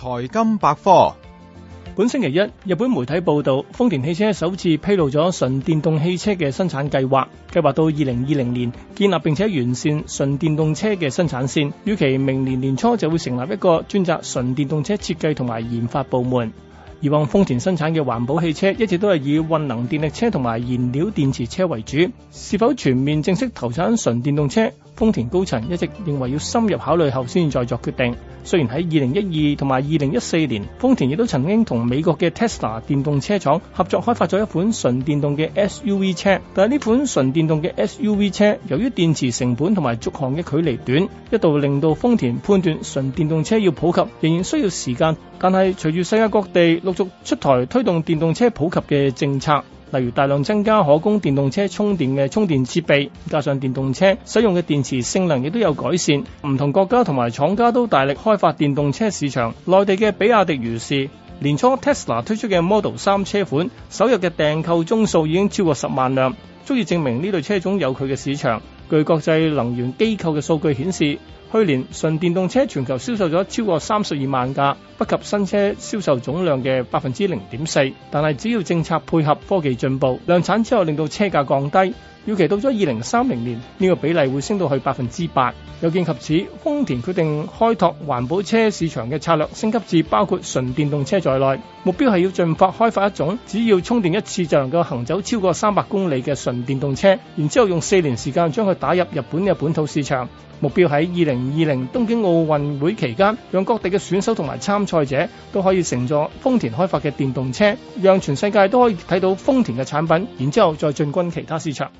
財金百科，本星期一，日本媒體報道，豐田汽車首次披露咗純電動汽車嘅生產計劃，計劃到二零二零年建立並且完善純電動車嘅生產線，預期明年年初就會成立一個專責純電動車設計同埋研發部門。以往豐田生產嘅環保汽車一直都係以混能電力車同埋燃料電池車為主，是否全面正式投產純電動車？豐田高層一直認為要深入考慮後先再作決定。雖然喺2012同埋2014年，豐田亦都曾經同美國嘅 Tesla 電動車廠合作開發咗一款純電動嘅 SUV 車，但係呢款純電動嘅 SUV 車，由於電池成本同埋續航嘅距離短，一度令到豐田判斷純電動車要普及仍然需要時間。但係隨住世界各地陸續出台推動電動車普及嘅政策。例如大量增加可供電動車充電嘅充電設備，加上電動車使用嘅電池性能亦都有改善。唔同國家同埋廠家都大力開發電動車市場。內地嘅比亞迪如是，年初 Tesla 推出嘅 Model 3車款，首日嘅訂購宗數已經超過十萬輛。足以證明呢類車種有佢嘅市場。據國際能源機構嘅數據顯示，去年純電動車全球銷售咗超過三十二萬架，不及新車銷售總量嘅百分之零點四。但係只要政策配合科技進步、量產之後令到車價降低，預期到咗二零三零年呢個比例會升到去百分之八。有見及此，豐田決定開拓環保車市場嘅策略，升級至包括純電動車在內，目標係要盡快開發一種只要充電一次就能夠行走超過三百公里嘅純電動車，然之後用四年時間將佢打入日本嘅本土市場，目標喺二零二零東京奧運會期間，讓各地嘅選手同埋參賽者都可以乘坐豐田開發嘅電動車，讓全世界都可以睇到豐田嘅產品，然之後再進軍其他市場。